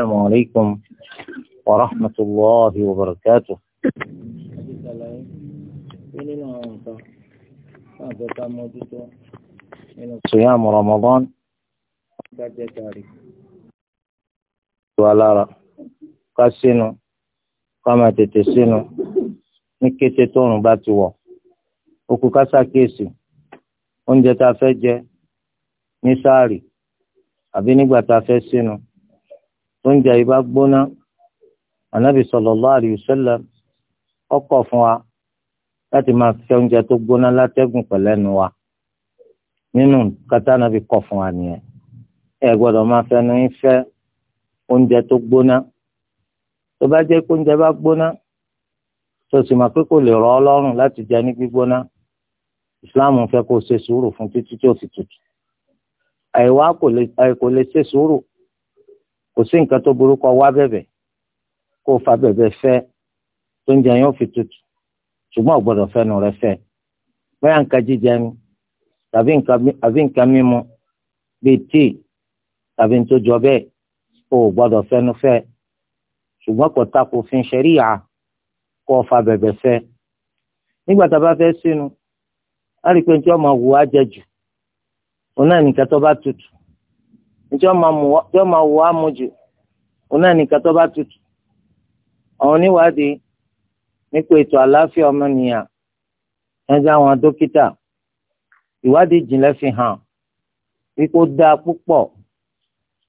السلام عليكم ورحمة الله وبركاته صيام رمضان ولا قسنو kama tètè sínú ní kété tóòrùn bá ti wọ̀ okù kásá kéèsì oúnjẹ tá a fẹ́ jẹ ní sáàrì àbí nígbà tá a fẹ́ sínú tó ń jẹ ibà gbóná anabi sallallahu alayhi wa sallam ọkọ̀ fún wa láti máa fẹ́ oúnjẹ tó gbóná látẹ́gùn pẹ̀lẹ́nu wa nínú kata anabi kọ̀ fún wa nìyẹn ẹ gbọ́dọ̀ máa fẹnu yín fẹ́ oúnjẹ tó gbóná tó bá jẹ́ pé oúnjẹ bá gbóná tó sì máa pé kò lè rọ̀ ọ́ lọ́rùn láti jẹ ní gbígbóná ìsìláàmù fẹ́ kó ṣe sùúrù fún títí tí ó fi tutù àìwá kò lè ṣe sùúrù kò sí nǹkan tó burú kó wá bẹ̀bẹ̀ kó fa bẹ̀bẹ̀ fẹ́ tó ń jẹ yóò fi tutù ṣùgbọ́n ò gbọ́dọ̀ fẹ́nu rẹ fẹ́ bẹ́ẹ̀ nǹkan jíjẹ ni tàbí nǹkan mímu bíi tíì tàbí tó jọ bẹ́ẹ̀ kó o gbọ́dọ̀ fẹ́nu fẹ́ ṣùgbọ́n kò ta kò fin ṣẹ̀ríyà kó fa bẹ̀bẹ̀ fẹ́ nígbà tá a bá fẹ́ sínú a rí i pé tí ọmọ wù á jẹ jù òun náà nìkan tó bá tutù níjọ́ máa wọ amójú òun náà nìkan tó bá tutù àwọn oníwádìí nípa ètò àlàáfíà ọmọnìyàn ẹja àwọn dókítà ìwádìí ìjìnlẹ̀ fi hàn wípé ó dáa púpọ̀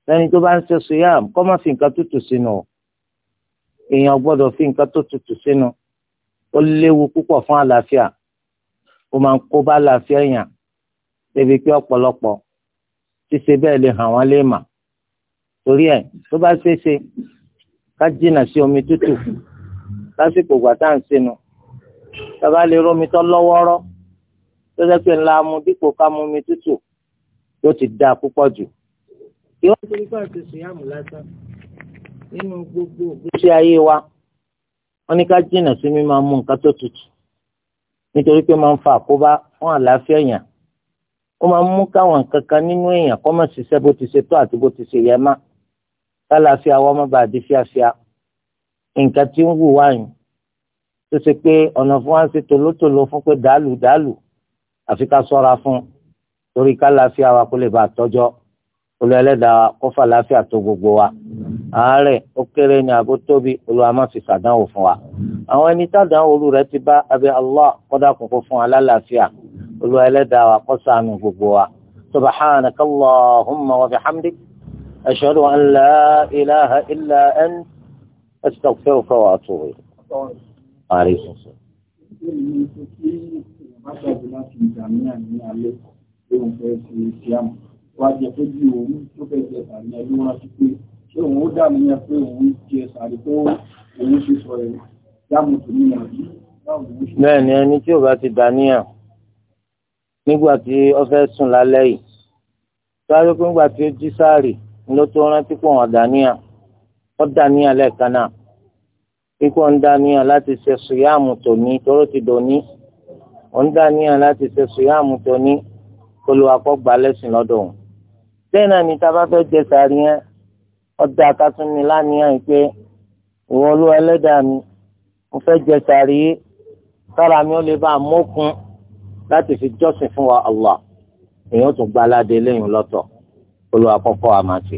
lẹ́ni tó bá ń ṣe sùyàm kó má fi nǹkan tútù sínú èèyàn gbọ́dọ̀ fi nǹkan tó tútù sínú ó léwu púpọ̀ fún àlàáfíà ó máa ń kó bá àlàáfíà èèyàn débi pé ọ̀pọ̀lọpọ̀ ṣíṣe bẹ́ẹ̀ lè hàn wọ́n lè mà torí ẹ̀ tó bá ṣe é ṣe ká jìnnà sí omi tútù lásìkò ìgbà tá à ń sinu tàbá lè rómi tó lọ́wọ́rọ́ tó jẹ́ pé ńlá mu dípò ká mu omi tútù yóò ti dáa púpọ̀ jù. ìwọ́n ti rí bá ti sùnyàmù lásán nínú gbogbo ìgbésí ayé wa wọ́n ní ká jìnnà sí mímáa mú nǹkan tó tutù nítorí pé máa ń fa àkóbá fún àlàáfíà èèyàn ó máa ń mú káwọn kankan nínú èèyàn kọ́ mọ̀ ṣiṣẹ́ bó ti ṣe tó àti bó ti ṣe yẹ má lálàáfíà wọn má bàa di fíafíà nǹkan tí ń wù wáyìn tó ṣe pé ọ̀nà fún wa ń ṣe tòlótòló fún pé dàálù dàálù àfi ká sọ́ra fún torí ká láfíà wa kó lè bàa tọ́jọ́ olú ẹlẹ́dàá kó fà láfíà tó gbogbo wa àárẹ̀ ó kéré ní àbó tóbi olúwa má fi ṣàdánwò fún wa àwọn ẹni tádàá olú rẹ ti bá abẹ́ Allah kọ́dà kókó fún wa lálàáfíà. الوالدة وقصة من قبوة سبحانك اللهم وبحمدك أشهد أن لا إله إلا أن أستغفرك وأطوري عليه الصلاة Bẹ́ẹ̀ni ẹni tí ó bá ti dà ti nígbà tí ó fẹ́ sùn lálẹ́ yìí sáré pé nígbà tí ó jí sáàrì ló tó rántí pé òun àdáníyà ó dáníyà lẹ́ẹ̀kan náà pípọ̀ ń dáníyà láti ṣe sùyàmù tòní tóró ti dòní ó ń dáníyà láti ṣe sùyàmù tòní olùwàkọ́gbà lẹ́sìn lọ́dọ̀ òun. bẹ́ẹ̀ náà ni tá a bá fẹ́ jẹ sàárì yẹn ó dá a ká tún pé ìwọ olúwa ẹlẹ́dàá mi mo fẹ́ jẹ sàárì yìí láti fi jọ́sìn fún wa Allah èèyàn tún gba aládé lẹ́yìn lọ́tọ̀ olùwàkọ́kọ́ àmàṣe.